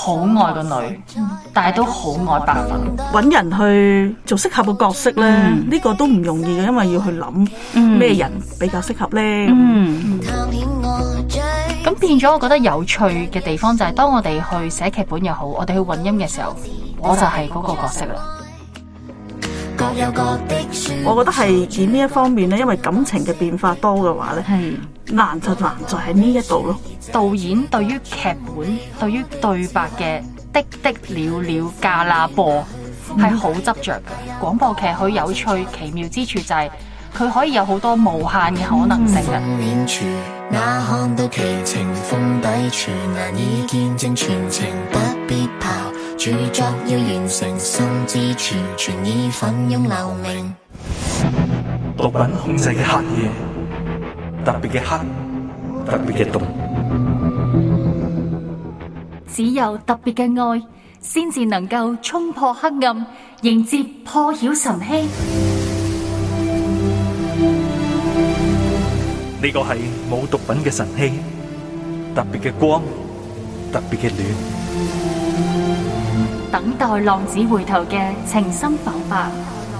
好愛個女，但係都好愛白粉，搵人去做適合個角色咧，呢、嗯、個都唔容易嘅，因為要去諗咩人比較適合咧。嗯，咁、嗯、變咗我覺得有趣嘅地方就係，當我哋去寫劇本又好，我哋去混音嘅時候，我就係嗰個角色啦。嗯、我覺得係演呢一方面咧，因為感情嘅變化多嘅話咧，係、嗯、難就難在，在喺呢一度咯。導演對於劇本、對於對白嘅的，的的了了㗎喇噃，係好執着嘅。廣播劇佢有趣奇妙之處就係、是、佢、嗯、可以有好多無限嘅可能性嘅。特別嘅黑，特別嘅冷 只有特別嘅愛，先至能夠衝破黑暗，迎接破曉晨曦。呢個係冇毒品嘅晨曦，特別嘅光，特別嘅暖，等待浪子回頭嘅情深剖白，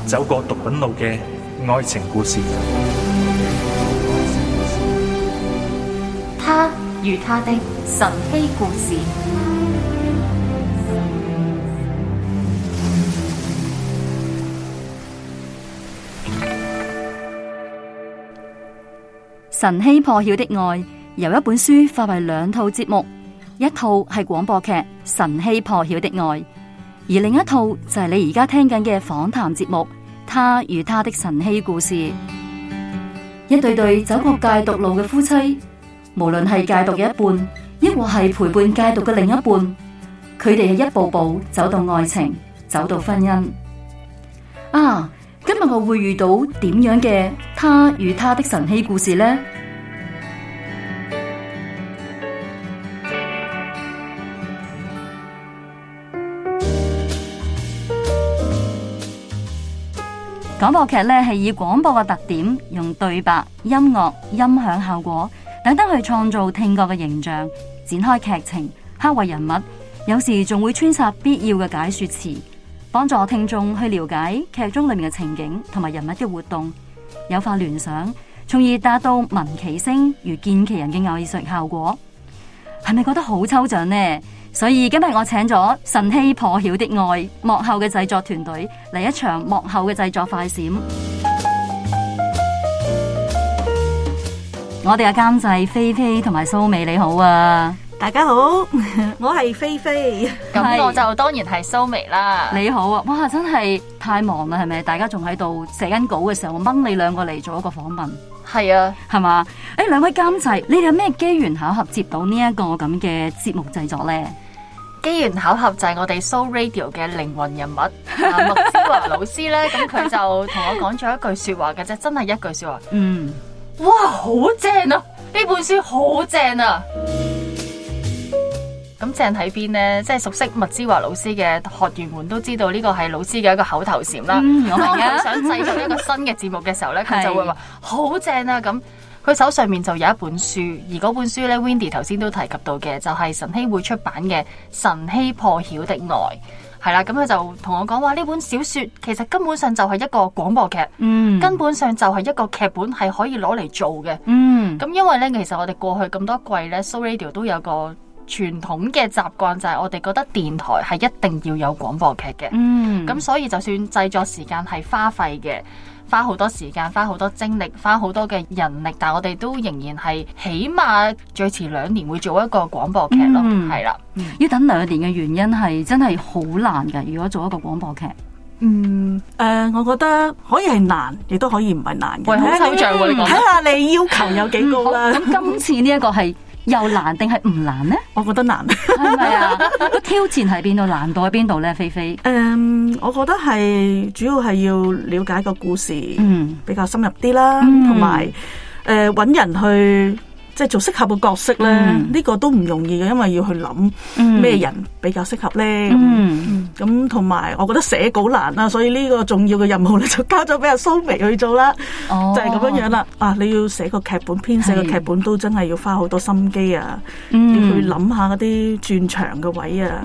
走過毒品路嘅愛情故事，他。如他的神跡故事，《神跡破曉的愛》由一本書化為兩套節目，一套係廣播劇《神跡破曉的愛》，而另一套就係你而家聽緊嘅訪談節目《他與他的神跡故事》。一對對走過戒毒路嘅夫妻。無論係戒毒嘅一半，抑或係陪伴戒毒嘅另一半，佢哋係一步步走到愛情，走到婚姻。啊，今日我會遇到點樣嘅他與他的神奇故事呢？廣播劇咧係以廣播嘅特點，用對白、音樂、音響效果。等等去創造聽覺嘅形象，展開劇情，刻畫人物，有時仲會穿插必要嘅解說詞，幫助聽眾去了解劇中裏面嘅情景同埋人物嘅活動，誘發聯想，從而達到聞其聲如見其人嘅藝術效果。係咪覺得好抽象呢？所以今日我請咗《晨曦破曉的愛》幕後嘅製作團隊嚟一場幕後嘅製作快閃。我哋嘅監製菲菲同埋蘇美，你好啊。大家好，我係菲菲，咁 我就當然係蘇美啦。你好啊，哇，真係太忙啦，係咪？大家仲喺度寫緊稿嘅時候，我掹你兩個嚟做一個訪問，係啊，係嘛？誒、哎，兩位監製，你哋有咩機緣巧合接到這這呢一個咁嘅節目製作咧？機緣巧合就係我哋 So Radio 嘅靈魂人物麥子華老師咧，咁佢 就同我講咗一句說話嘅啫，真係一句說話，嗯。哇，好正啊！呢本書好正啊！咁正喺邊呢？即係熟悉麥之華老師嘅學員們都知道呢個係老師嘅一個口頭禪啦。咁啊，嗯、我想製作一個新嘅節目嘅時候呢，佢、嗯、就會話好正啊！咁佢手上面就有一本書，而嗰本書呢 Wendy 頭先都提及到嘅，就係晨曦會出版嘅《晨曦破曉的愛、呃》。係啦，咁佢就同我講，話呢本小說其實根本上就係一個廣播劇，嗯、根本上就係一個劇本係可以攞嚟做嘅。咁、嗯、因為咧，其實我哋過去咁多季咧，So Radio 都有個傳統嘅習慣，就係、是、我哋覺得電台係一定要有廣播劇嘅。咁、嗯、所以就算製作時間係花費嘅。花好多時間，花好多精力，花好多嘅人力，但係我哋都仍然係起碼最遲兩年會做一個廣播劇咯，係啦。要等兩年嘅原因係真係好難㗎。如果做一個廣播劇，嗯誒、呃，我覺得可以係難，亦都可以唔係難嘅。好抽象喎，你講，睇下你，你，你要求有幾高啦。咁今、嗯、次呢一個係。 又難定係唔難呢？我覺得難，係咪啊？個 挑戰喺邊度？難度喺邊度咧？菲菲，誒，um, 我覺得係主要係要了解個故事，嗯，mm. 比較深入啲啦，同埋誒、搵、呃、人去。即係做適合嘅角色咧，呢、嗯、個都唔容易嘅，因為要去諗咩人比較適合咧。咁同埋，嗯嗯嗯、我覺得寫稿難啦、啊，所以呢個重要嘅任務咧就交咗俾阿蘇眉去做啦。哦、就係咁樣樣、啊、啦。啊，你要寫個劇本，編是寫個劇本都真係要花好多心機啊！嗯、要去諗下嗰啲轉場嘅位啊。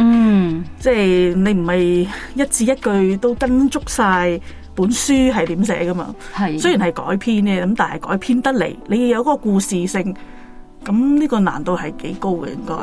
即係、嗯、你唔係一字一句都跟足晒本書係點寫噶嘛？是是雖然係改編嘅，咁但係改編得嚟，你要有嗰個故事性。咁呢個難度係幾高嘅，應該。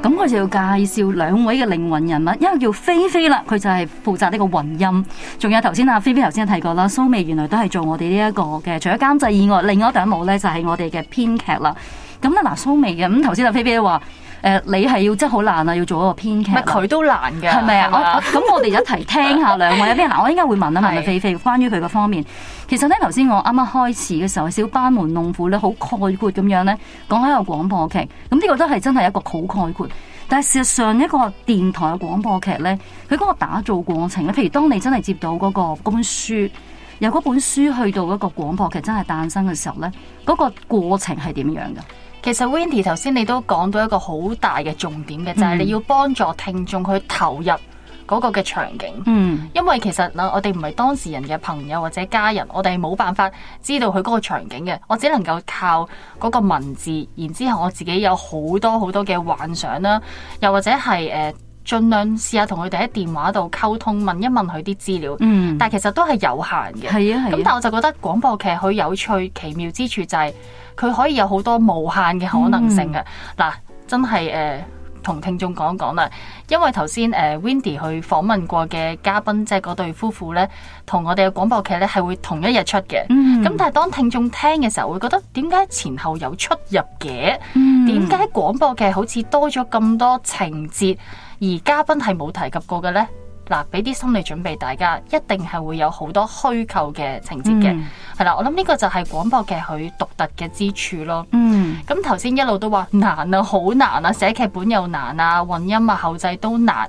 咁佢就要介紹兩位嘅靈魂人物，一個叫菲菲啦，佢就係負責呢個混音；，仲有頭先阿菲菲頭先提過啦，蘇眉原來都係做我哋呢一個嘅，除咗監製以外，另外一頂帽咧就係我哋嘅編劇啦。咁咧嗱，蘇眉嘅，咁頭先阿菲菲都話。誒、呃，你係要真係好難啊，要做一個編劇。佢都難嘅，係咪吧啊？咁、 啊，啊啊啊、我哋一齊聽下兩位有咩？嗱、 啊，我應該會問啊問阿菲菲關於佢個方面。其實咧，頭先我啱啱開始嘅時候，小班門弄斧咧，好概括咁樣咧，講一個廣播劇。咁呢個都係真係一個好概括。但係事實上一個電台嘅廣播劇咧，佢嗰個打造過程咧，譬如當你真係接到嗰、那個公書，由嗰本書去到一個廣播劇真係誕生嘅時候咧，嗰、那個過程係點樣嘅？其實 Wendy 頭先你都講到一個好大嘅重點嘅，就係你要幫助聽眾去投入嗰個嘅場景。嗯，因為其實嗱，我哋唔係當事人嘅朋友或者家人，我哋冇辦法知道佢嗰個場景嘅，我只能夠靠嗰個文字，然之後我自己有好多好多嘅幻想啦，又或者係誒。呃儘量試下同佢哋喺電話度溝通，問一問佢啲資料。嗯、但係其實都係有限嘅。咁、係啊、係、但係我就覺得廣播劇佢有趣奇妙之處就係、係、佢可以有好多無限嘅可能性嘅。嗱、嗯啊，真係誒同聽眾講講啦。因為頭先誒、呃、Wendy 去訪問過嘅嘉賓，即係嗰對夫婦呢，同我哋嘅廣播劇呢係會同一日出嘅。咁、嗯、但係當聽眾聽嘅時候會覺得點解前後有出入嘅？點解、嗯、廣播劇好似多咗咁多情節？而嘉賓係冇提及過嘅呢，嗱，俾啲心理準備，大家一定係會有好多虛構嘅情節嘅，係啦，mm.，我諗呢個就係廣播劇佢獨特嘅之處咯。嗯，咁頭先一路都話難啊，好難啊，寫劇本又難啊，混音啊、後製都難，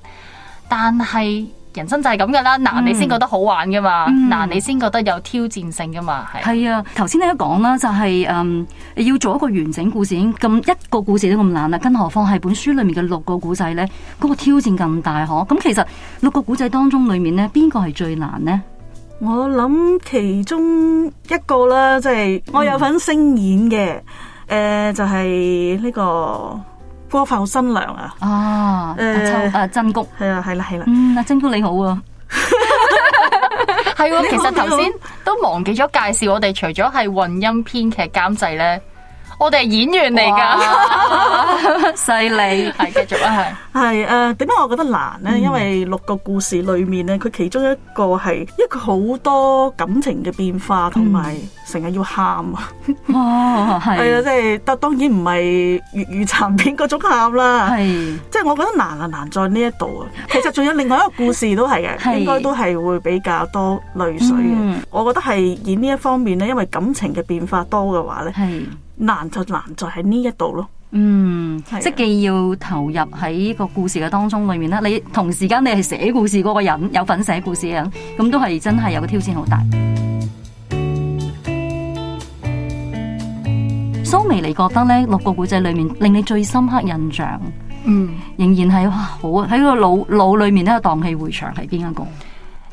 但係。人生就係咁噶啦，嗱，你先覺得好玩噶嘛，嗱、嗯、你先覺得有挑戰性噶嘛，係。係啊，頭先你都講啦，就係、是、誒、嗯、要做一個完整故事，咁一個故事都咁難啦，更何況係本書裏面嘅六個古仔呢？嗰、那個挑戰咁大嗬。咁其實六個古仔當中裏面呢，邊個係最難呢？我諗其中一個啦，即係我有份聲演嘅，誒、嗯呃、就係、是、呢、這個。過埠新娘啊！哦，誒，誒，曾菊係啊，係啦、啊，係啦。呃啊啊啊啊、嗯，阿曾菊你好啊，係喎、啊。其實頭先都忘記咗介紹我哋，除咗係混音、編劇、監製咧，我哋係演員嚟噶，犀利。係繼續啊，係係誒，點解我覺得難咧？嗯、因為六個故事裏面咧，佢其中一個係，因為佢好多感情嘅變化同埋。成日要喊啊！哦，係啊，即係、 嗯，但是當然唔係粵語殘片嗰種喊啦是。係，即係我覺得難啊，難在呢一度啊是。其實仲有另外一個故事都係嘅，應該都係會比較多淚水嘅。我覺得係演呢一方面咧，因為感情嘅變化多嘅話咧，係難就難在喺呢一度咯。是嗯，是啊、即係既要投入喺個故事嘅當中裏面啦，你同時間你係寫故事嗰個人，有份寫故事啊，咁都係真係有個挑戰好大。都未嚟，覺得呢六個古仔裏面令你最深刻印象，嗯、仍然係哇好喺個腦腦裏面咧，蕩氣迴腸係邊一個？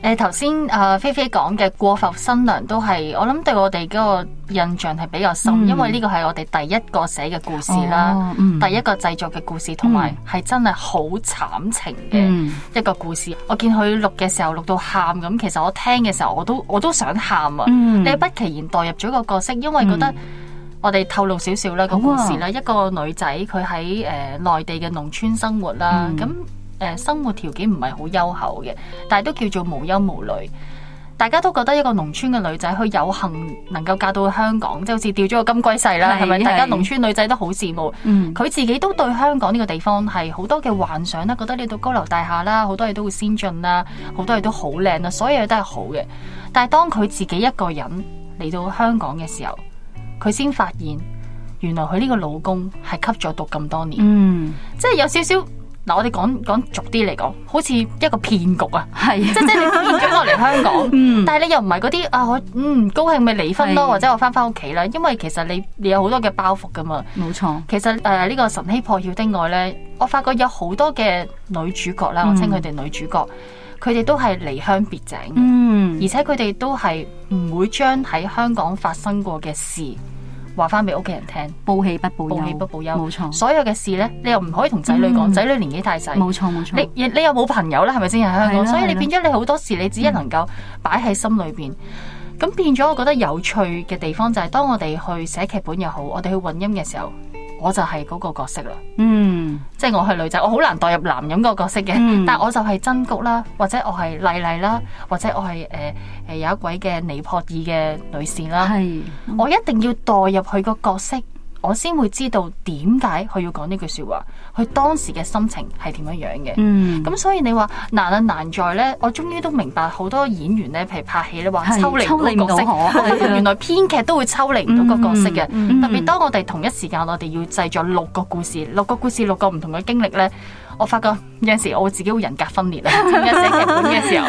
誒頭先啊，菲菲講嘅過埠新娘都係我諗對我哋嗰個印象係比較深，嗯、因為呢個係我哋第一個寫嘅故事啦，哦嗯、第一個製作嘅故事，同埋係真係好慘情嘅一個故事。我見佢錄嘅時候錄到喊咁，其實我聽嘅時候我都我都，我都想喊啊！嗯嗯、你不期然代入咗個角色，因為覺得。我哋透露少少啦，個故事啦，啊、一個女仔佢喺誒內地嘅農村生活啦，咁誒、嗯呃、生活條件唔係好優厚嘅，但係都叫做無憂無慮。大家都覺得一個農村嘅女仔，佢有幸能夠嫁到香港，即係好似掉咗個金龜婿啦，係咪？大家農村女仔都好羨慕。佢、嗯、自己都對香港呢個地方係好多嘅幻想啦，覺得呢度高樓大廈啦，好多嘢都會先進啦，好多嘢都好靚啦，所有嘢都係好嘅。但係當佢自己一個人嚟到香港嘅時候。佢先發現原來佢呢個老公係吸咗毒咁多年，嗯，即係有少少嗱。我哋講講俗啲嚟講，好似一個騙局啊，係是 即係即係你呃咗我嚟香港，嗯、但係你又唔係嗰啲啊，我唔、嗯、高興咪離婚咯，是或者我翻翻屋企啦。因為其實你你有好多嘅包袱噶嘛，冇錯錯。其實誒呢、呃這個《神機破曉》的愛咧，我發覺有好多嘅女主角啦，我稱佢哋女主角。嗯佢哋都係離鄉別井，嗯、而且佢哋都係唔會將喺香港發生過嘅事話翻俾屋企人聽，報喜不報憂，報喜不報憂，冇錯。所有嘅事呢，你又唔可以同仔女講，嗯、仔女年紀太細，冇錯冇錯。你你又冇朋友啦，係咪先喺香港？係嘅、所以你變咗你好多事，你只係能夠擺喺心裏邊。咁變咗，我覺得有趣嘅地方就係，當我哋去寫劇本又好，我哋去混音嘅時候，我就係嗰個角色啦。嗯。即係我係女仔，我好難代入男人個角色嘅。嗯、但係我就係曾菊啦，或者我係麗麗啦，或者我係誒誒有一位嘅尼泊爾嘅女士啦，是我一定要代入佢個角色。我先會知道點解佢要講呢句說話，佢當時嘅心情係點樣樣嘅。咁、嗯、所以你話難啊難在呢？我終於都明白好多演員呢，譬如拍戲呢話抽離角色，原來編劇都會抽離唔到個角色嘅。嗯嗯嗯、特別當我哋同一時間我哋要製作六個故事，六個故事六個唔同嘅經歷呢。我發覺有陣時我自己會人格分裂啊，點解寫劇本嘅時候？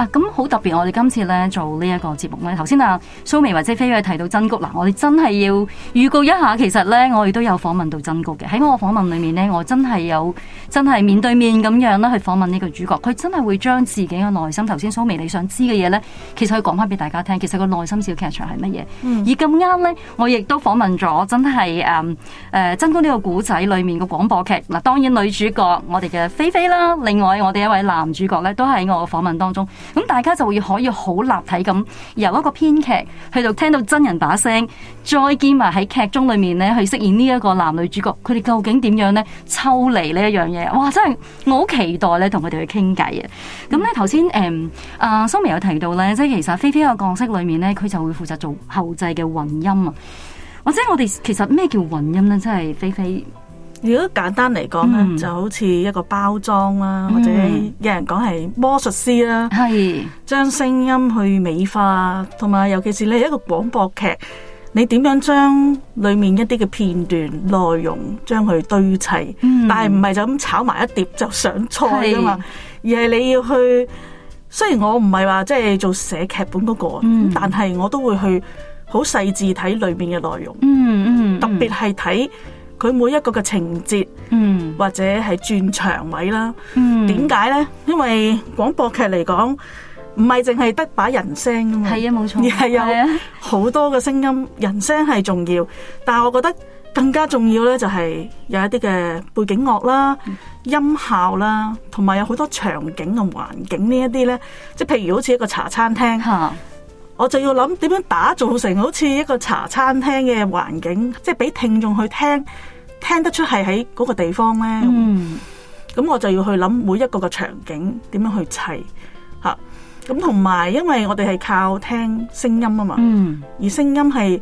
啊，咁好特別！我哋今次呢做呢一個節目呢，頭先啊蘇眉或者菲菲提到曾菊嗱，我哋真係要預告一下，其實呢，我哋都有訪問到曾菊嘅喺我訪問裡面呢，我真係有真係面對面咁樣咧去訪問呢個主角，佢真係會將自己嘅內心頭先蘇眉你想知嘅嘢呢，其實佢講翻俾大家聽，其實個內心小劇場係乜嘢。嗯、而咁啱呢，我亦都訪問咗真係誒誒曾菊呢個古仔裡面嘅廣播劇嗱，當然女主角我哋嘅菲菲啦，另外我哋一位男主角呢，都喺我嘅訪問當中。咁大家就會可以好立體咁由一個編劇去到聽到真人把聲，再兼埋喺劇中裏面咧去飾演呢一個男女主角，佢哋究竟點樣咧抽離呢一樣嘢？哇！真係我好期待咧，同佢哋去傾偈啊！咁咧頭先誒啊，蘇明有提到咧，即係其實菲菲個角色裏面咧，佢就會負責做後製嘅混音啊，或者我哋其實咩叫混音咧？即係菲菲。如果簡單嚟講咧，嗯、就好似一個包裝啦，嗯、或者有人講係魔術師啦，係將是聲音去美化，同埋尤其是你一個廣播劇，你點樣將裡面一啲嘅片段內容將佢堆砌，嗯、但係唔係就咁炒埋一碟就上菜噶嘛？是而係你要去，雖然我唔係話即係做寫劇本嗰、嗰個，嗯、但係我都會去好細緻睇裏面嘅內容。嗯嗯，嗯嗯嗯，特別係睇。佢每一個嘅情節，嗯、或者係轉場位啦，點解、嗯、呢？因為廣播劇嚟講，唔係淨係得把人聲啊嘛，係啊，冇錯，而係有好多嘅聲音。 人聲係重要，但係我覺得更加重要呢，就係有一啲嘅背景樂啦、嗯、音效啦，同埋有好多場景嘅環境呢一啲呢。即係譬如好似一個茶餐廳，嗯、我就要諗點樣打造成好似一個茶餐廳嘅環境，即係俾聽眾去聽。聽得出係喺嗰個地方咧，咁我就要去諗每一個個場景點樣去砌吓，咁同埋因為我哋係靠聽聲音啊嘛，而聲音係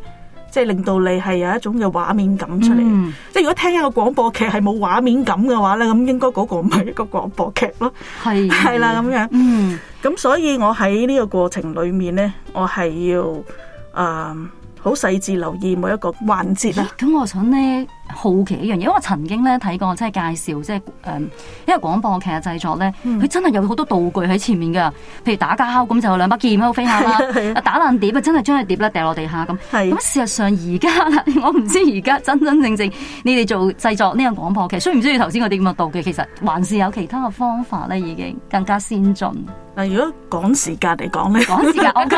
即係令到你係有一種嘅畫面感出嚟，即係如果聽一個廣播劇係冇畫面感嘅話咧，咁應該嗰個唔係一個廣播劇咯，係係啦咁樣，咁所以我喺呢個過程裏面咧，我係要誒好細緻留意每一個環節啦。咁我想咧，好奇一樣嘢，因為我曾經咧睇過，真係介紹，即係誒，因、嗯、為、呢個、廣播劇嘅製作咧，佢真係有好多道具喺前面嘅，譬如打架、敲咁就有兩把劍飛，飛下啦，打爛碟啊，真係將隻碟咧掉落地下咁。咁是的 事實上而家啦，我唔知而家真真正正你哋做製作呢樣廣播劇，需唔需要頭先嗰啲咁嘅道具？其實還是有其他嘅方法咧，已經更加先進。嗱，如果講時間嚟講咧，講時間，OK，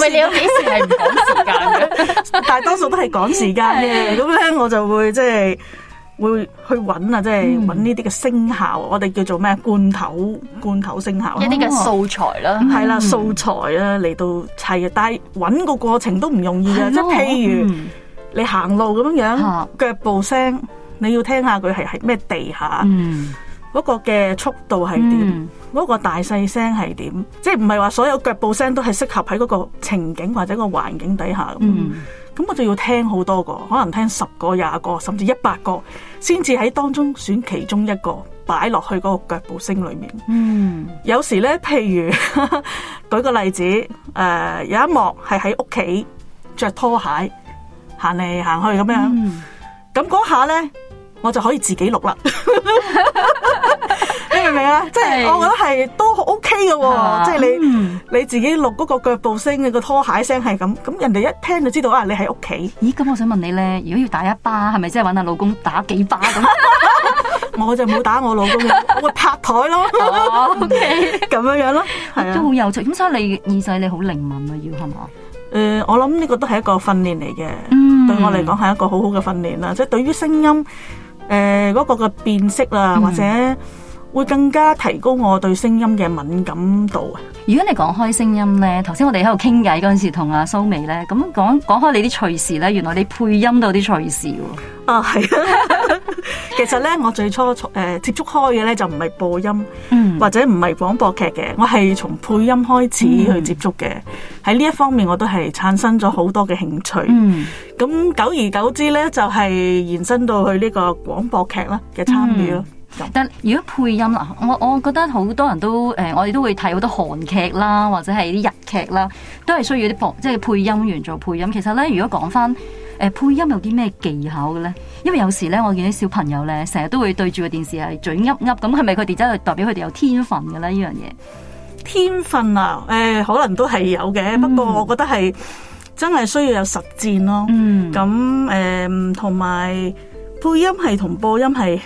為了幾時係唔講時間嘅，大多數都係講時間嘅咁我就會即係會去揾啊，即係揾呢啲嘅聲效，嗯、我哋叫做咩罐頭罐頭聲效，一啲嘅素材啦，係啦素材啦嚟到砌。但係揾個過程都唔容易噶，即係的譬如、嗯、你行路咁樣，腳、嗯、步聲你要聽下佢係係咩地下，嗰、嗯、個嘅速度係點，嗰、嗯、個大細聲係點，即係唔係話所有腳步聲都係適合喺嗰個情景或者個環境底下咁。嗯嗯咁我就要聽好多個，可能聽十個、廿個，甚至一百個，先至喺當中選其中一個擺落去嗰個腳步聲裏面。嗯，有時呢，譬如 舉個例子，誒、呃，有一幕係喺屋企着拖鞋行嚟行去咁樣，咁嗰、嗯、下呢，我就可以自己錄啦。 你 明唔明啊？即係我覺得係都好 OK 嘅、喔啊，即係你你自己錄嗰個腳步聲，你、那個拖鞋聲係咁，咁人哋一聽就知道啊，你喺屋企。咦？咁我想問你咧，如果要打一巴，係咪即係搵下老公打幾巴咁？ 我就冇打我老公嘅，我會拍台咯。O K，咁樣樣咯，都 好、哦 okay。啊、有趣。咁所以你耳仔你好靈敏啊，要係嘛？誒、呃，我諗呢個都係一個訓練嚟嘅。嗯，對我嚟講係一個好好嘅訓練啦，嗯、即係對於聲音誒嗰個嘅辨識啦，或者。會更加提高我對聲音嘅敏感度啊！如果你講開聲音呢，頭先我哋喺度傾偈嗰陣時蘇，同阿蘇眉呢咁講講開你啲趣事呢。原來你配音都有啲趣事喎。啊，係啊！ 其實呢，我最初誒、呃、接觸開嘅呢，就唔係播音，嗯、或者唔係廣播劇嘅，我係從配音開始去接觸嘅。喺呢、嗯、一方面，我都係產生咗好多嘅興趣。嗯，咁久而久之呢，就係、是、延伸到去呢個廣播劇啦嘅參與咯。嗯但如果配音啦，我我覺得好多人都誒、呃，我哋都會睇好多韓劇啦，或者係啲日劇啦，都係需要啲即係配音員做配音。其實咧，如果講返誒配音有啲咩技巧嘅咧，因為有時咧，我見啲小朋友咧，成日都會對住個電視係嘴噏噏，咁係咪佢哋真係代表佢哋有天分嘅咧？呢樣嘢天分啊，誒、呃，可能都係有嘅，嗯、不過我覺得係真係需要有實戰咯。嗯，咁誒，同、呃、埋配音係同播音係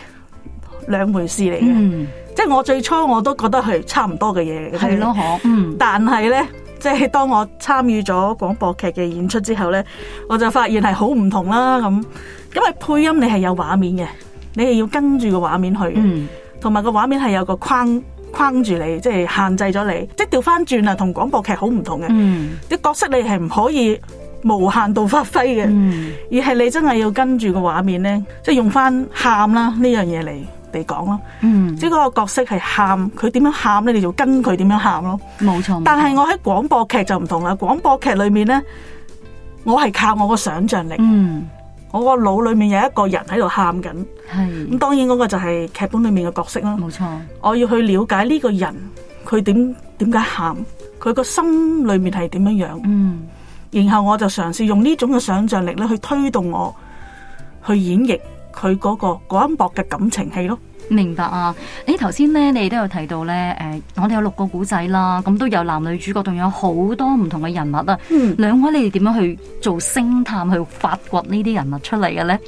兩回事嚟嘅，嗯、即係我最初我都覺得係差唔多嘅嘢嚟嘅，係咯的，嗬，但係咧，即係當我參與咗廣播劇嘅演出之後咧，我就發現係好唔同啦。咁，因為配音你係有畫面嘅，你係要跟住個畫面去，嗯，同埋個畫面係有個框框住你，即係限制咗你，即係調翻轉啊，廣劇同廣播劇好唔同嘅，啲、嗯、角色你係唔可以無限度發揮嘅，嗯、而係你真係要跟住個畫面咧，即係用翻喊啦呢樣嘢嚟。哋講咯，嗯、即係個角色係喊，佢點樣喊咧，你就跟佢點樣喊咯。冇錯錯。但係我喺廣播劇就唔同啦，廣播劇裏面咧，我係靠我個想象力。嗯，我個腦裏面有一個人喺度喊緊。係是。咁當然嗰個就係劇本裏面嘅角色啦。冇錯錯。我要去了解呢個人，佢點點解喊，佢個心裏面係點樣樣。嗯。然後我就嘗試用呢種嘅想象力咧，去推動我去演繹。佢嗰、那個嗰一幕嘅感情戲咯，明白啊！你頭先咧你都有提到咧，誒、呃，我哋有六個古仔啦，咁都有男女主角，仲有好多唔同嘅人物啊。兩、嗯、位，你哋點樣去做星探去發掘呢啲人物出嚟嘅咧？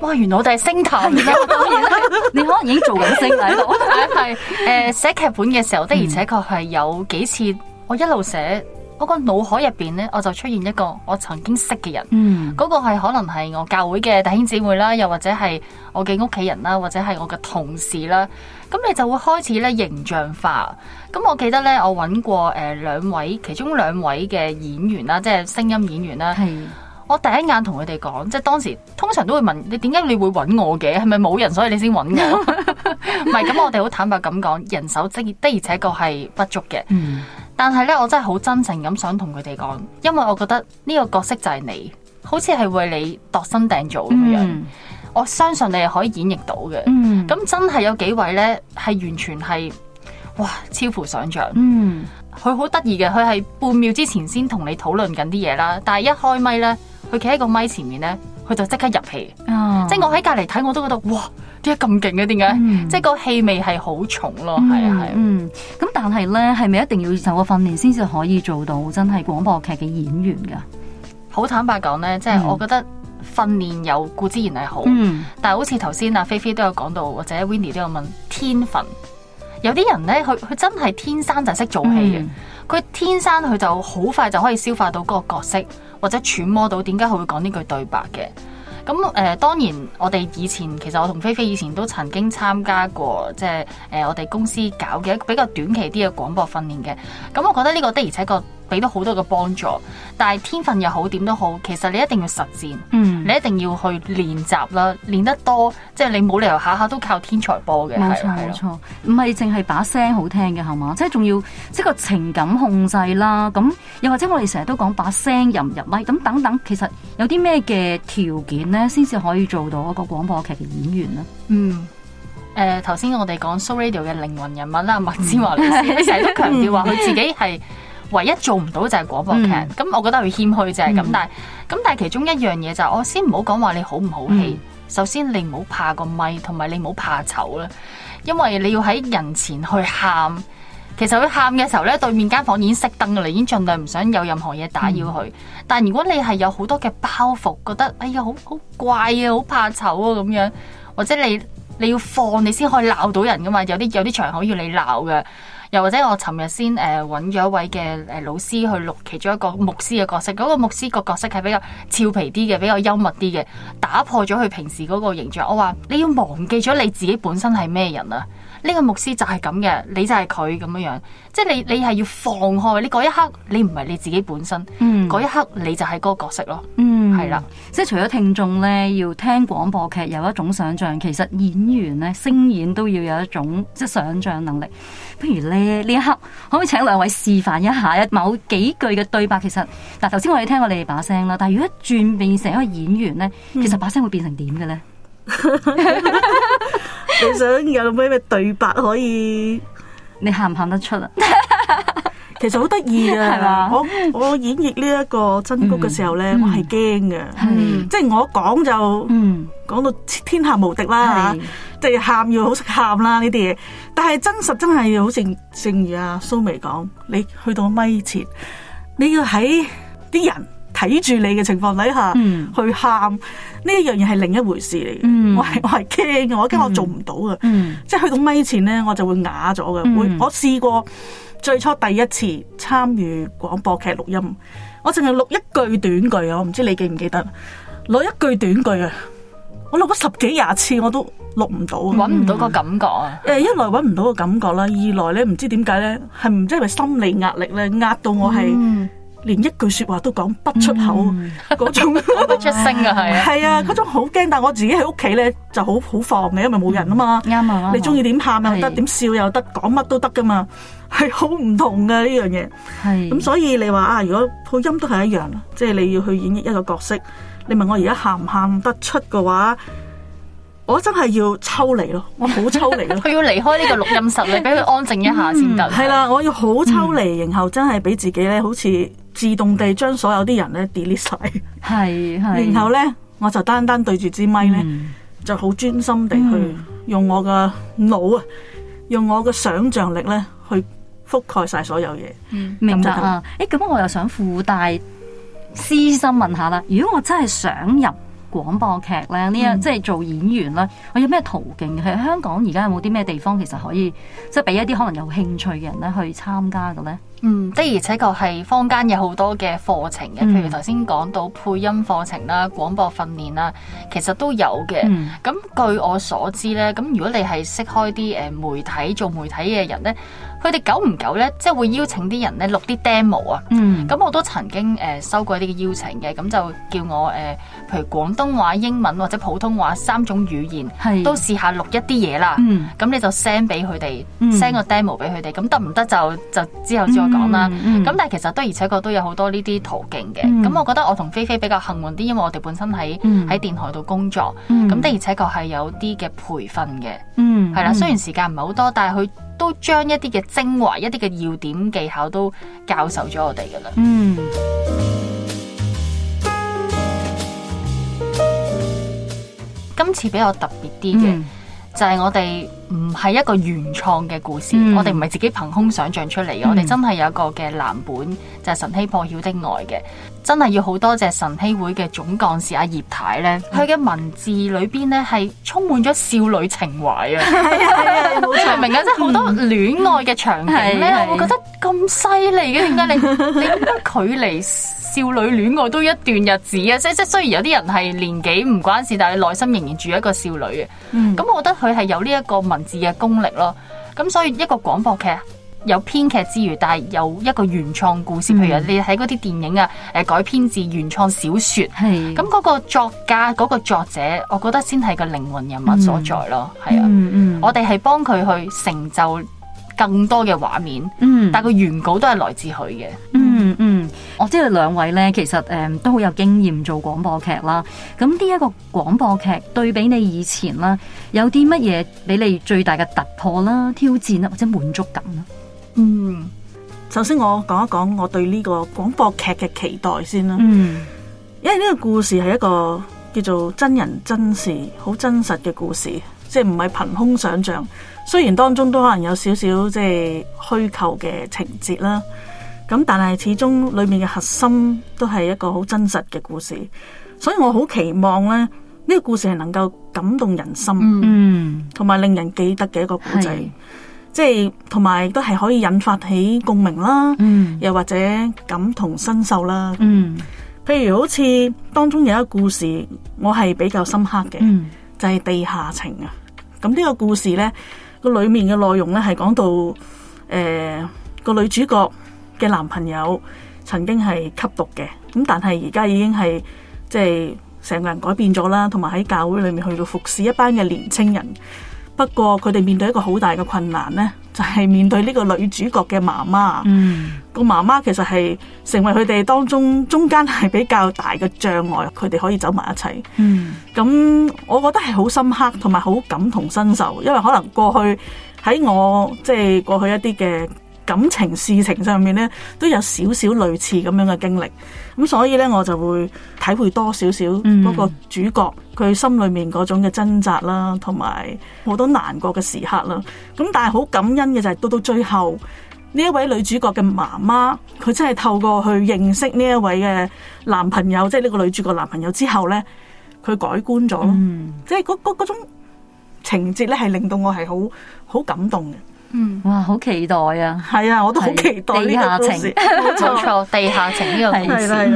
哇！原來我哋係星探， 當然啦，你可能已經做緊星探咯。係誒、 嗯，寫劇本嘅時候，的而且確係有幾次我一路寫。我個腦海入邊咧，我就出現一個我曾經識嘅人，嗰、嗯、個係可能係我教會嘅弟兄姊妹啦，又或者係我嘅屋企人啦，或者係我嘅同事啦。咁你就會開始咧形象化。咁我記得咧，我揾過誒、呃、兩位，其中兩位嘅演員啦，即係聲音演員啦。是我第一眼同佢哋講，即係當時通常都會問，你點解你會揾我嘅？係咪冇人所以你先揾我？唔係咁，我哋好坦白咁講，人手職的而且確係不足嘅。嗯但係咧，我真係好真誠咁想同佢哋講，因為我覺得呢個角色就係你，好似係為你度身訂造咁樣。嗯、我相信你係可以演繹到嘅。咁、嗯、真係有幾位呢，係完全係哇超乎想象嗯，佢好得意嘅，佢係半秒之前先同你討論緊啲嘢啦，但係一開麥呢，佢企喺個麥前面呢，佢就即刻入戲。哦、即係我喺隔籬睇，我都覺得哇！麼麼，嗯、點解咁勁嘅，點解、嗯？即係個氣味係好重咯，係啊，係。嗯，咁但係咧，係咪一定要受過訓練先至可以做到真係廣播劇嘅演員噶？好坦白講咧，即係、嗯、我覺得訓練有固之然係好，嗯、但係好似頭先阿菲菲都有講到，或者 Winnie 都有問，天分。有啲人咧，佢佢真係天生就識做戲嘅，佢、嗯、天生佢就好快就可以消化到嗰個角色，或者揣摩到點解佢會講呢句對白嘅。咁誒、呃、當然，我哋以前其實我同菲菲以前都曾經參加過，即係誒我哋公司搞嘅一個比較短期啲嘅廣播訓練嘅。咁我覺得呢個的而且確，俾到好多嘅幫助，但係天分又好，點都好，其實你一定要實踐，嗯、你一定要去練習啦，練得多，即係你冇理由下下都靠天才播嘅，冇錯冇錯，唔係淨係把聲好聽嘅，係嘛？即係仲要即係個情感控制啦，咁又或者我哋成日都講把聲入唔入咪，咁等等，其實有啲咩嘅條件咧，先至可以做到一個廣播劇嘅演員咧？嗯、呃，誒頭先我哋講 So Radio 嘅靈魂人物啦，麥志華，佢成日都強調話佢自己係。 唯一做唔到就係廣播劇，咁、嗯、我覺得係謙虛啫。咁、嗯、但係，咁但係其中一樣嘢就係、我先唔好講話你好唔好氣。嗯、首先你唔好怕個咪，同埋你唔好怕醜啦，因為你要喺人前去喊。其實佢喊嘅時候咧，對面間房已經熄燈噶啦，已經盡量唔想有任何嘢打擾佢。嗯、但如果你係有好多嘅包袱，覺得哎呀好好怪啊，好怕醜啊咁樣，或者你你要放你先可以鬧到人噶嘛。有啲有啲場口要你鬧㗎。又或者我尋日先誒揾咗一位嘅誒、呃、老師去錄其中一個牧師嘅角色，嗰、嗰個牧師個角色係比較俏皮啲嘅，比較幽默啲嘅，打破咗佢平時嗰個形象。我話你要忘記咗你自己本身係咩人啊！呢、呢個牧師就係咁嘅，你就係佢咁樣樣，即係你你係要放開你嗰一刻，你唔係你自己本身，嗰、嗯、一刻你就係嗰個角色咯。係啦，即係除咗聽眾咧要聽廣播劇有一種想象其實演員咧聲演都要有一種即係想象能力。不如咧呢一刻，可唔可以請兩位示範一下？有某幾句嘅對白，其實嗱，頭先我哋聽過你哋把聲啦，但係如果一轉變成一個演員咧，嗯、其實把聲會變成點嘅咧？ 你想有咩咩對白可以？你喊唔喊得出啊？ 其實好得意啊！我我演繹呢一個真谷嘅時候咧，嗯、我係驚嘅，嗯、即係我講就講，嗯、到天下無敵啦吓，即係喊要好識喊啦呢啲嘢。但係真實真係好正，正如阿蘇眉講，你去到咪前，你要喺啲人睇住你嘅情況底下、嗯、去喊，呢一樣嘢係另一回事嚟，嗯。我係我係驚嘅，我驚我做唔到嘅，嗯嗯嗯，即係去到咪前咧，我就會啞咗嘅，會我試過。嗯最初第一次參與廣播劇錄音，我淨係錄一句短句啊！我唔知你記唔記得，攞一句短句啊！我錄咗十幾廿次，我都錄唔到，揾唔到個感覺啊！誒，一來揾唔到個感覺啦，二來咧唔知點解咧，係唔知係咪心理壓力咧，壓到我係。嗯連一句說話都講不出口嗰種，不出聲嘅係係啊，嗰種好驚。但係我自己喺屋企咧就好好放嘅，因為冇人啊嘛。啱你中意點喊又得，點笑又得，講乜都得噶嘛，係好唔同嘅呢樣嘢。係咁，所以你話啊，如果配音都係一樣，即係你要去演一個角色。你問我而家喊唔喊得出嘅話，我真係要抽離咯，我好抽離咯，佢要離開呢個錄音室，你俾佢安靜一下先得。係啦，我要好抽離，然後真係俾自己咧，好似。自動地將所有啲人咧 delete 曬，係係。然後咧，我就單單對住支咪咧，嗯、就好專心地去用我嘅腦啊，嗯、用我嘅想像力咧去覆蓋晒所有嘢，嗯。明白啊！誒、就係，咁、哎、我又想附帶私心問下啦，如果我真係想入廣播劇咧，呢一、嗯、即係做演員啦，我有咩途徑？喺香港而家有冇啲咩地方其實可以即係俾一啲可能有興趣嘅人咧去參加嘅咧？嗯，的而且確係坊間有好多嘅課程嘅，譬如頭先講到配音課程啦、廣播訓練啦，其實都有嘅。嗯、咁據我所知咧，咁如果你係識開啲誒媒體做媒體嘅人咧。佢哋久唔久咧，即係會邀請啲人咧錄啲 demo 啊。嗯。咁我都曾經誒收過一啲嘅邀請嘅，咁就叫我誒，譬如廣東話、英文或者普通話三種語言都試下錄一啲嘢啦。嗯。咁你就 send 俾佢哋，send 個 demo 俾佢哋，咁得唔得就就之後再講啦。嗯。咁但係其實的而且確都有好多呢啲途徑嘅。嗯。咁我覺得我同菲菲比較幸運啲，因為我哋本身喺喺電台度工作。嗯。咁的而且確係有啲嘅培訓嘅。嗯。係啦，雖然時間唔係好多，但係佢都將一啲嘅精華、一啲嘅要點、技巧都教授咗我哋㗎喇。嗯，今次比較特別啲嘅就係我哋唔係一個原創嘅故事，嗯、我哋唔係自己憑空想像出嚟嘅，嗯、我哋真係有一個嘅藍本，就係、是呃《神機破曉的愛》嘅。真係要好多謝晨曦會嘅總幹事阿葉太咧，佢嘅文字裏邊咧係充滿咗少女情懷 啊！ 明唔明啊？即係好多戀愛嘅場景咧， 是我會覺得咁犀利嘅，點解你你點解距離少女戀愛都一段日子啊？即即 雖然有啲人係年紀唔關事，但係你內心仍然住一個少女嘅。咁 我覺得佢係有呢一個文字嘅功力咯。咁所以一個廣播劇。有編劇之餘，但係有一個原創故事，嗯、譬如你睇嗰啲電影啊，誒、呃、改編自原創小説，咁嗰是個作家嗰、嗰個作者，我覺得先係個靈魂人物所在咯，係、嗯、啊，嗯嗯、我哋係幫佢去成就更多嘅畫面，嗯、但係個原稿都係來自佢嘅。嗯嗯，嗯嗯我知道你兩位呢，其實誒、呃、都好有經驗做廣播劇啦。咁呢一個廣播劇對比你以前啦，有啲乜嘢俾你最大嘅突破啦、挑戰啦或者滿足感啦？嗯，首先我講一講我對呢個廣播劇嘅期待先啦。嗯，因為呢個故事係一個叫做真人真事、好真實嘅故事，即係唔係憑空想象。雖然當中都可能有少少即係虛構嘅情節啦，咁但係始終裏面嘅核心都係一個好真實嘅故事，所以我好期望咧呢，呢個故事係能夠感動人心，嗯，同埋令人記得嘅一個故仔。嗯即係同埋都係可以引發起共鳴啦，又或者感同身受啦。嗯，譬如好似當中有一個故事，我係比較深刻嘅，嗯、就係地下情啊。咁呢個故事呢，個裏面嘅內容呢，係講到，誒、呃、個女主角嘅男朋友曾經係吸毒嘅，咁但係而家已經係即係成個人改變咗啦，同埋喺教會裏面去到服侍一班嘅年青人。不過佢哋面對一個好大嘅困難呢，就係、是、面對呢個女主角嘅媽媽。嗯，個媽媽其實係成為佢哋當中中間係比較大嘅障礙，佢哋可以走埋一齊。嗯、mm.，咁我覺得係好深刻，同埋好感同身受，因為可能過去喺我即係、就是、過去一啲嘅。感情事情上面咧，都有少少類似咁樣嘅經歷，咁所以咧，我就會體會多少少嗰個主角佢、mm. 心裏面嗰種嘅掙扎啦，同埋好多難過嘅時刻啦。咁但係好感恩嘅就係、是、到到最後呢一位女主角嘅媽媽，佢真係透過去認識呢一位嘅男朋友，即係呢個女主角男朋友之後咧，佢改觀咗，咯、mm.，即係嗰嗰嗰種情節咧，係令到我係好好感動嘅。嗯，哇，好期待啊！係啊，我都好期待地下情，冇錯，地下情呢個故事。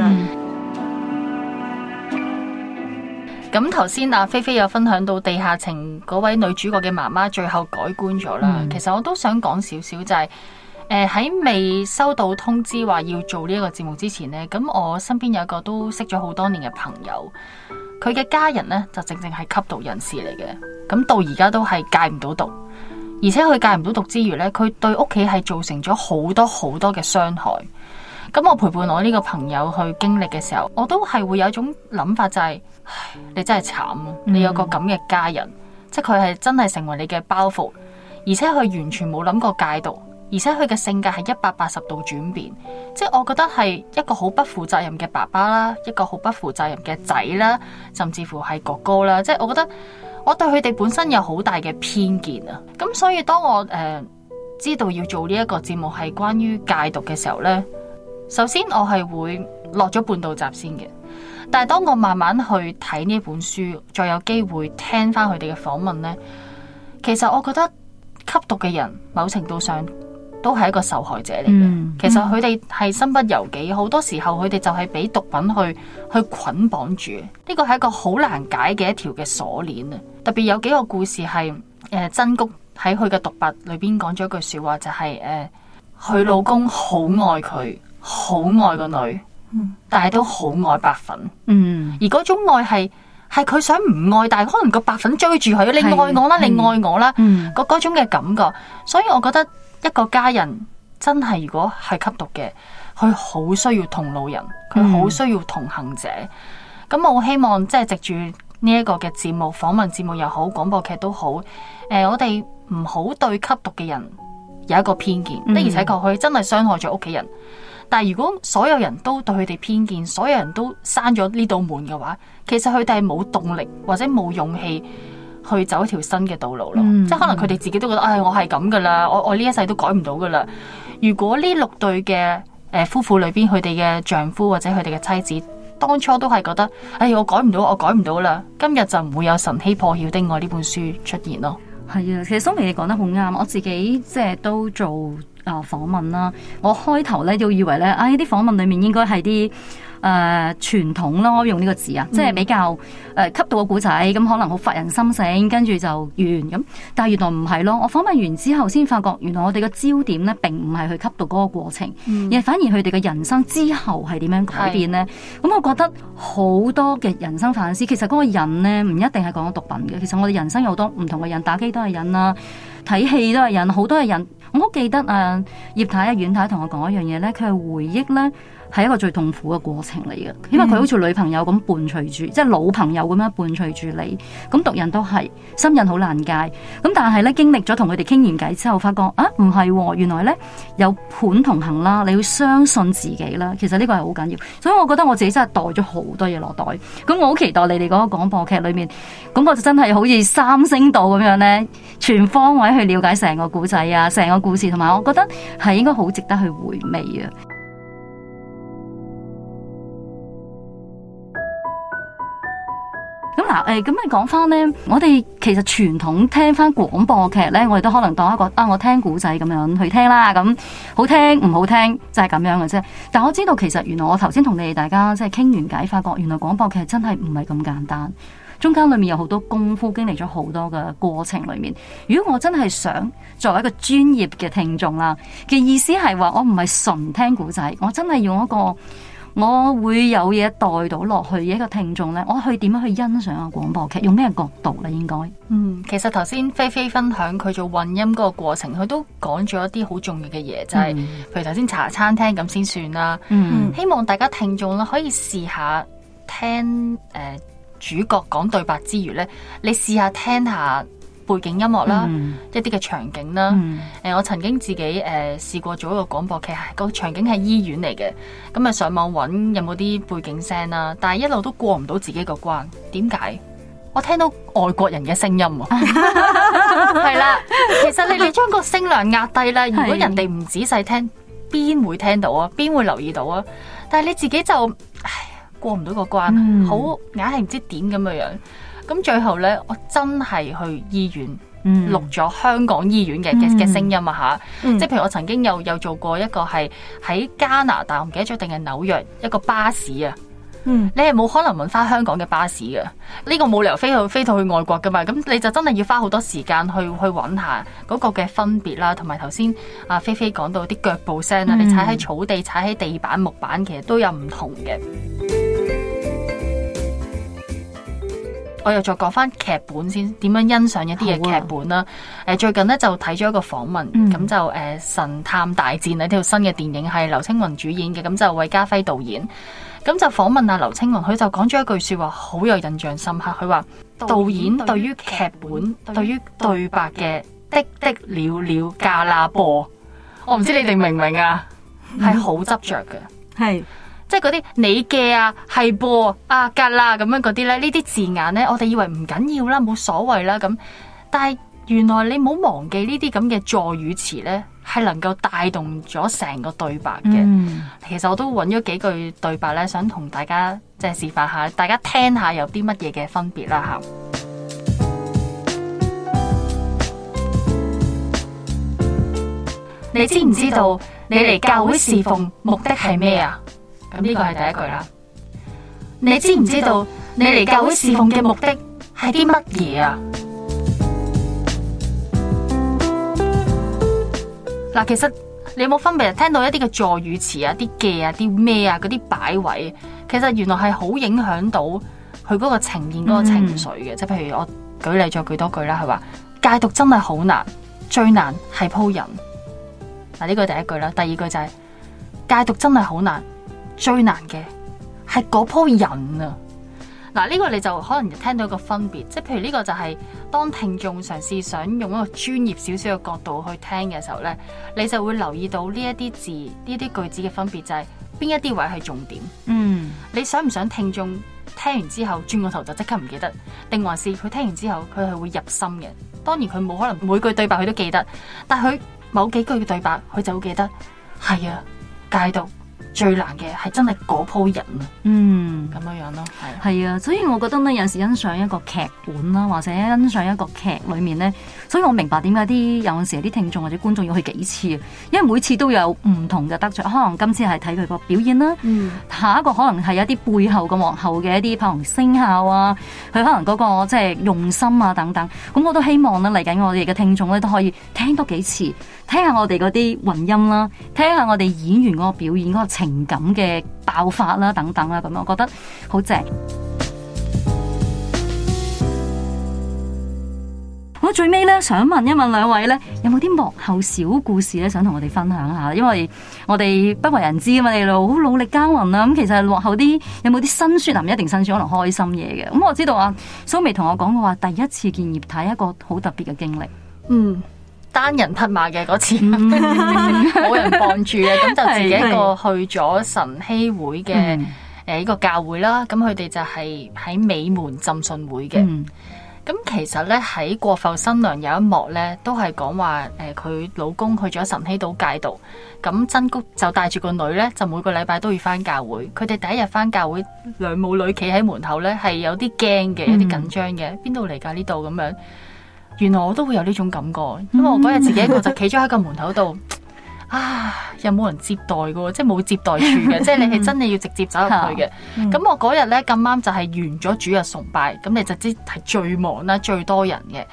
咁頭先阿菲菲有分享到地下情嗰位女主角嘅媽媽最後改觀咗啦。嗯、其實我都想講少少就係、是，誒、呃、喺未收到通知話要做呢一個節目之前呢，咁我身邊有一個都識咗好多年嘅朋友，佢嘅家人呢，就正正係吸毒人士嚟嘅，咁到而家都係戒唔到毒。而且佢戒唔到毒之餘呢，佢對屋企係造成咗好多好多嘅傷害。咁我陪伴我呢個朋友去經歷嘅時候，我都係會有一種諗法、就係，就係唉、你真係慘、啊、你有個咁嘅家人，嗯、即係佢係真係成為你嘅包袱，而且佢完全冇諗過戒毒，而且佢嘅性格係一百八十度轉變。即係我覺得係一個好不負責任嘅爸爸啦，一個好不負責任嘅仔啦，甚至乎係哥哥啦。即係我覺得。我對佢哋本身有好大嘅偏見啊，咁所以當我誒、呃、知道要做呢一個節目係關於戒毒嘅時候呢，首先我係會落咗半道閘先嘅。但係當我慢慢去睇呢本書，再有機會聽翻佢哋嘅訪問呢，其實我覺得吸毒嘅人某程度上都係一個受害者嚟嘅。嗯、其實佢哋係身不由己，好、嗯、多時候佢哋就係俾毒品去去捆綁住，呢、呢個係一個好難解嘅一條嘅鎖鏈啊！特別有幾個故事係，誒、呃，曾菊喺佢嘅獨白裏邊講咗一句說話，就是，就、呃、係，誒，佢老公好愛佢，好愛個女，嗯、但係都好愛白粉，嗯，而嗰種愛係，係佢想唔愛，但係可能個白粉追住佢，是你愛我啦，嗯、你愛我啦，嗰、嗯、種嘅感覺，所以我覺得一個家人真係如果係吸毒嘅，佢好需要同路人，佢好需要同行者，咁、嗯嗯、我希望即係、就是、藉住。呢一個嘅節目，訪問節目又好，廣播劇都好，誒、呃，我哋唔好對吸毒嘅人有一個偏見，的、Mm hmm. 而且確佢真係傷害咗屋企人。但係如果所有人都對佢哋偏見，所有人都閂咗呢道門嘅話，其實佢哋係冇動力或者冇勇氣去走一條新嘅道路咯。Mm hmm. 即係可能佢哋自己都覺得，唉、哎，我係咁噶啦，我我呢一世都改唔到噶啦。如果呢六對嘅誒夫婦裏邊，佢哋嘅丈夫或者佢哋嘅妻子。當初都係覺得，哎，我改唔到，我改唔到啦，今日就唔會有神機破曉的我呢本書出現咯。係啊，其實蘇明你講得好啱，我自己即係都做、呃、訪啊訪問啦，我開頭呢都以為呢，哎，啲訪問裡面應該係啲。誒、呃、傳統咯，用呢個字啊，即係比較誒、呃、吸毒嘅古仔，咁、嗯嗯嗯、可能好發人深省。跟住就完咁、嗯。但係原來唔係咯，我訪問完之後先發覺，原來我哋嘅焦點咧並唔係去吸毒嗰個過程，嗯、而係反而佢哋嘅人生之後係點樣改變呢。咁是、嗯、我覺得好多嘅人生反思，其實嗰個人呢唔一定係講毒品嘅。其實我哋人生有好多唔同嘅人，打機都係人啦，睇戲都係人、啊、人，好多係人。我好記得誒、啊、葉太啊、阮太同我講一樣嘢呢，佢係回憶呢，係一個最痛苦嘅過程嚟嘅，因為佢好似女朋友咁伴隨住，嗯、即係老朋友咁樣伴隨住你。咁獨人都係，心癮好難戒。咁但係咧，經歷咗同佢哋傾完偈之後，發覺啊，唔係、哦，原來咧，有伴同行啦，你要相信自己啦。其實呢個係好緊要，所以我覺得我自己真係袋咗好多嘢落袋。咁我好期待你哋嗰個廣播劇裏面，咁我就真係好似三星度咁樣咧，全方位去了解成個故仔啊，成個故事，同埋我覺得係應該好值得去回味啊。誒，咁你講翻呢，我哋其實傳統聽翻廣播劇呢，我哋都可能當一個啊，我聽古仔咁樣去聽啦，咁好聽唔好聽就係咁樣嘅啫。但我知道其實原來我頭先同你哋大家即係傾完偈，發覺原來廣播劇真係唔係咁簡單，中間裏面有好多功夫，經歷咗好多嘅過程裏面。如果我真係想作為一個專業嘅聽眾啦，嘅意思係話我唔係純聽古仔，我真係用一個。我會有嘢帶到落去嘅一個聽眾呢，我去點樣去欣賞個廣播劇，用咩角度呢？應該嗯，其實頭先菲菲分享佢做混音嗰個過程，佢都講咗一啲好重要嘅嘢，就係、是嗯、譬如頭先茶餐廳咁先算啦。嗯、希望大家聽眾呢可以試下聽誒、呃、主角講對白之餘呢，你試下聽下。背景音樂啦，mm hmm. 一啲嘅場景啦。誒、mm hmm. 欸，我曾經自己誒、呃、試過做一個廣播劇，個場景係醫院嚟嘅。咁啊上網揾有冇啲背景聲啦，但係一路都過唔到自己個關。點解？我聽到外國人嘅聲音喎。係 啦 其實你哋將個聲量壓低啦。如果人哋唔仔細聽，邊會聽到啊？邊會留意到啊？但係你自己就過唔到個關，mm hmm. 好硬係唔知點咁嘅樣。咁最後咧，我真係去醫院、嗯、錄咗香港醫院嘅嘅嘅聲音啊！嚇、嗯，即係譬如我曾經有有做過一個係喺加拿大，我唔記得咗定係紐約一個巴士啊。嗯、你係冇可能揾返香港嘅巴士嘅，呢個冇理由飛到飛到去外國㗎嘛。咁你就真係要花好多時間去去揾下嗰個嘅分別啦，同埋頭先阿菲菲講到啲腳步聲啊，嗯、你踩喺草地、踩喺地板、木板，其實都有唔同嘅。我又再講翻劇本先，點樣欣賞一啲嘅劇本啦、啊？誒、啊，最近呢，就睇咗一個訪問，咁、嗯、就誒《神探大戰》呢套新嘅電影係劉青雲主演嘅，咁就韋家輝導演，咁就訪問啊劉青雲，佢就講咗一句説話，好有印象深刻，佢話導演對於劇本、對於對白嘅的的，的的了了，了加拉噃。」我唔知你哋明唔明啊，係好執着嘅，係。 即係嗰啲你嘅啊、係噃啊、噶啦咁樣嗰啲咧，呢啲字眼咧，我哋以為唔緊要啦，冇所謂啦咁。但係原來你冇忘記呢啲咁嘅助語詞咧，係能夠帶動咗成個對白嘅。嗯、其實我都揾咗幾句對白咧，想同大家即係示範下，大家聽下有啲乜嘢嘅分別啦吓。嗯、你知唔知道你嚟教會侍奉目的係咩啊？咁呢個係第一句啦。你知唔知道你嚟教會侍奉嘅目的係啲乜嘢啊？嗱， 其實你有冇分別聽到一啲嘅助語詞啊、啲嘅啊、啲咩啊、嗰啲擺位，其實原來係好影響到佢嗰個呈現嗰、嗰個情緒嘅。即係、嗯、譬如我舉例咗幾多句啦，佢話戒毒真係好難，最難係鋪人嗱。呢個第一句啦，第二句就係、係、戒毒真係好難。最難嘅係嗰鋪人啊！嗱，呢個你就可能聽到個分別，即係譬如呢個就係當聽眾嘗試想用一個專業少少嘅角度去聽嘅時候呢，你就會留意到呢一啲字、呢啲句子嘅分別，就係邊一啲位係重點。嗯，你想唔想聽眾聽完之後轉個頭就即刻唔記得，定還是佢聽完之後佢係會入心嘅？當然佢冇可能每句對白佢都記得，但佢某幾句嘅對白佢就會記得。係啊，解讀。最難嘅係真係嗰鋪人啊，嗯，咁樣樣咯，係啊，係啊，所以我覺得咧，有時欣賞一個劇本啦，或者欣賞一個劇裏面咧。所以我明白點解啲有陣時有啲聽眾或者觀眾要去幾次，因為每次都有唔同嘅得著。可能今次係睇佢個表演啦，嗯、下一個可能係一啲背後嘅幕後嘅一啲拍紅聲效啊，佢可能嗰、嗰個即係用心啊等等。咁我都希望咧，嚟緊我哋嘅聽眾咧，都可以聽多幾次，聽下我哋嗰啲混音啦，聽下我哋演員嗰個表演嗰、嗰個情感嘅爆發啦等等啦。咁我覺得好正。我最尾咧，想問一問兩位咧，有冇啲幕後小故事咧，想同我哋分享下？因為我哋不為人知啊嘛，你哋好努力耕耘啦、啊。咁其實幕後啲，有冇啲新鮮啊？唔一定新鮮，可能開心嘢嘅。咁、嗯、我知道啊，蘇眉同我講過話，第一次見葉太，一個好特別嘅經歷。嗯，單人匹馬嘅嗰次，冇、嗯、 人幫住嘅，咁 就自己一個去咗神曦會嘅誒一個教會啦。咁佢哋就係喺美門浸信會嘅。嗯咁其實咧喺過埠新娘有一幕咧，都係講話誒佢老公去咗神禧島戒毒，咁曾谷就帶住個女咧，就每個禮拜都要翻教會。佢哋第一日翻教會，兩母女企喺門口咧，係有啲驚嘅，有啲緊張嘅，邊度嚟噶呢度咁樣？原來我都會有呢種感覺，因為我嗰日自己一個就企咗喺個門口度。Mm hmm. 啊！唉有冇人接待噶？即係冇接待處嘅， 即係你係真係要直接走入去嘅。咁 我嗰日呢，咁啱就係完咗主日崇拜，咁你就知係最忙啦，最多人嘅。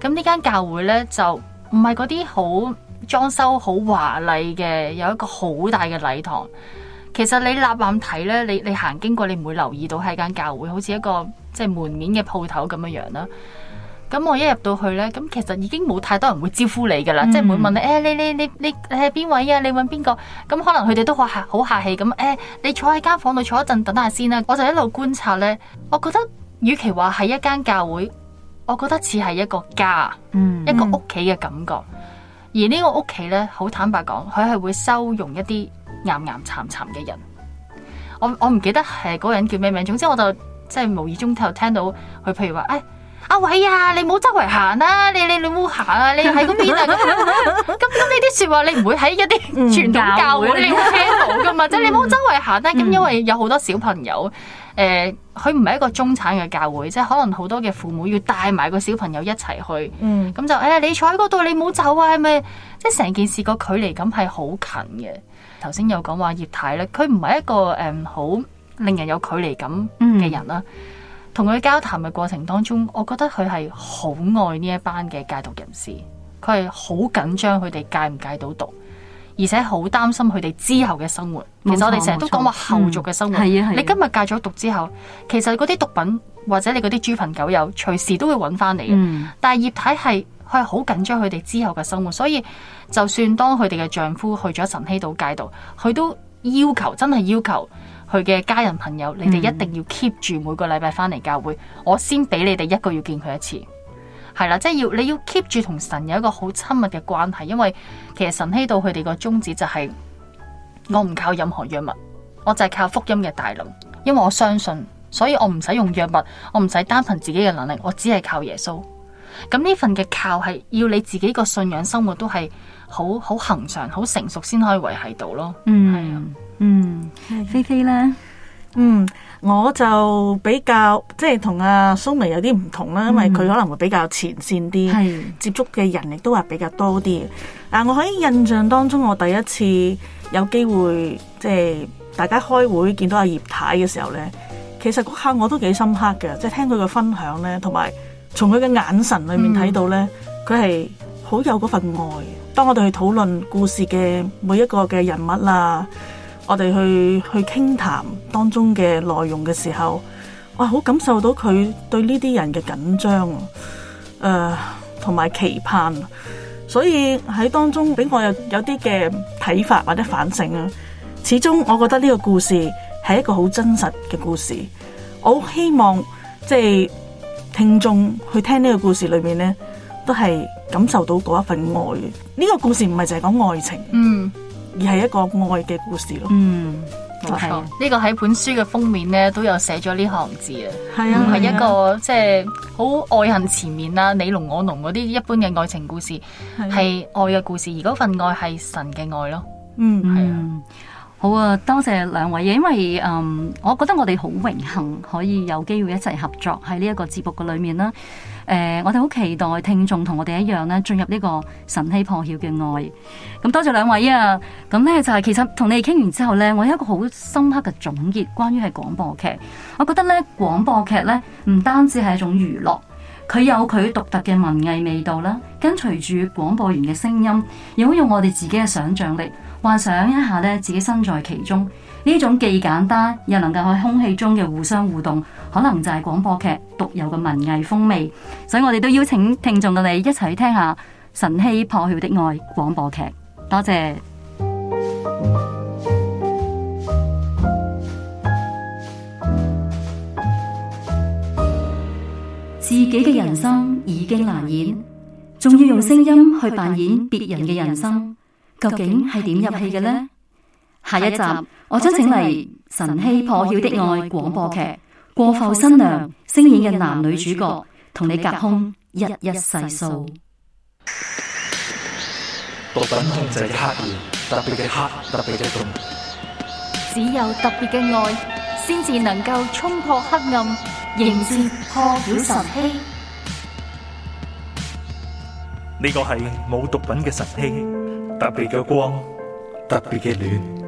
咁呢間教會呢，就唔係嗰啲好裝修好華麗嘅，有一個好大嘅禮堂。其實你立眼睇呢，你你行經過，你唔會留意到係間教會，好似一個即係門面嘅鋪頭咁樣樣啦。咁我一入到去咧，咁其實已經冇太多人會招呼你噶啦，嗯、即係唔會問你，誒、哎，你你你你你係邊位啊？你問邊個？咁可能佢哋都好客好客氣。咁、哎、誒，你坐喺間房度坐一陣，等下先啦、啊。我就一路觀察咧，我覺得與其話係一間教會，我覺得似係一個家，嗯、一個屋企嘅感覺。而個呢個屋企咧，好坦白講，佢係會收容一啲啱啱慘慘嘅人。我我唔記得係嗰個人叫咩名，總之我就即係無意中又聽到佢，譬如話誒。哎阿偉啊，啊，你唔好周圍行啦，你你你唔好行啊，你喺嗰邊啊，咁咁呢啲說話你唔會喺一啲傳統教會你會聽到嘅嘛，嗯、即係你唔好周圍行啦，咁、嗯、因為有好多小朋友，誒、呃，佢唔係一個中產嘅教會，即係可能好多嘅父母要帶埋個小朋友一齊去，咁、嗯、就誒、哎，你坐喺嗰度，你唔好走啊，係咪？即係成件事個距離感係好近嘅。頭先有講話葉太咧，佢唔係一個誒好、嗯、令人有距離感嘅人啦。嗯同佢交談嘅過程當中，我覺得佢係好愛呢一班嘅戒毒人士，佢係好緊張佢哋戒唔戒到毒，而且好擔心佢哋之後嘅生活。其實我哋成日都講話後續嘅生活。嗯、你今日戒咗毒之後，其實嗰啲毒品或者你嗰啲豬朋狗友隨時都會揾翻你。但係葉太係佢係好緊張佢哋之後嘅生活，所以就算當佢哋嘅丈夫去咗晨曦島戒毒，佢都要求，真係要求。佢嘅家人朋友，你哋一定要 keep 住每個禮拜翻嚟教會，嗯、我先俾你哋一個月見佢一次，係啦，即係要你要 keep 住同神有一個好親密嘅關係，因為其實神希到佢哋個宗旨就係、是、我唔靠任何藥物，我就係靠福音嘅大能，因為我相信，所以我唔使用藥物，我唔使單憑自己嘅能力，我只係靠耶穌。咁呢份嘅靠係要你自己個信仰生活都係好好恆常、好成熟先可以維繫到咯，嗯，係啊。嗯，菲菲啦，嗯，我就比較即係、啊、同阿蘇眉有啲唔同啦，因為佢可能會比較前線啲，係、嗯、接觸嘅人亦都係比較多啲。但、啊、我喺印象當中，我第一次有機會即係大家開會見到阿、啊、葉太嘅時候呢，其實嗰刻我都幾深刻嘅，即係聽佢嘅分享呢，同埋從佢嘅眼神裏面睇到呢，佢係好有嗰份愛、呃。當我哋去討論故事嘅每一個嘅人物啦、啊。我哋去去傾談，談當中嘅內容嘅時候，哇，好感受到佢對呢啲人嘅緊張，誒、呃，同埋期盼，所以喺當中俾我有有啲嘅睇法或者反省啊。始終我覺得呢個故事係一個好真實嘅故事，我好希望即係、就是、聽眾去聽呢個故事裏面呢，都係感受到嗰一份愛。呢、這個故事唔係淨係講愛情，嗯。而係一個愛嘅故事咯，嗯，冇錯錯，呢、啊、個喺本書嘅封面咧都有寫咗呢行字啊，係啊，唔係一個即係好愛恨前面啦。啊、你儂我儂嗰啲一般嘅愛情故事，係、啊啊、愛嘅故事，而嗰份愛係神嘅愛咯，嗯，係啊、嗯，好啊，多謝兩位啊，因為嗯，我覺得我哋好榮幸可以有機會一齊合作喺呢一個節目嘅裏面啦。誒、呃，我哋好期待聽眾同我哋一樣咧，進入呢個神氣破曉嘅愛。咁、嗯、多謝兩位啊！咁呢就係其實同你哋傾完之後呢，我有一個好深刻嘅總結，關於係廣播劇。我覺得呢廣播劇呢，唔單止係一種娛樂，佢有佢獨特嘅文藝味道啦。跟隨住廣播員嘅聲音，亦好用我哋自己嘅想象力，幻想一下呢自己身在其中，呢種既簡單又能夠喺空氣中嘅互相互動。可能就係廣播劇獨有嘅文藝風味，所以我哋都邀請聽眾到你一齊聽一下《神氣破曉的愛》廣播劇。多謝。自己嘅人生已經難演，仲要用聲音去扮演別人嘅人生，究竟係點入戲嘅呢？下一集我將請嚟《神氣破曉的愛》廣播劇過埠新娘，飾演嘅男女主角同你隔空一一細數。毒品控制嘅黑暗，特別嘅黑，特別嘅重。只有特別嘅愛，先至能夠衝破黑暗，迎接破曉晨曦。呢個係冇毒品嘅晨曦，特別嘅光，特別嘅暖。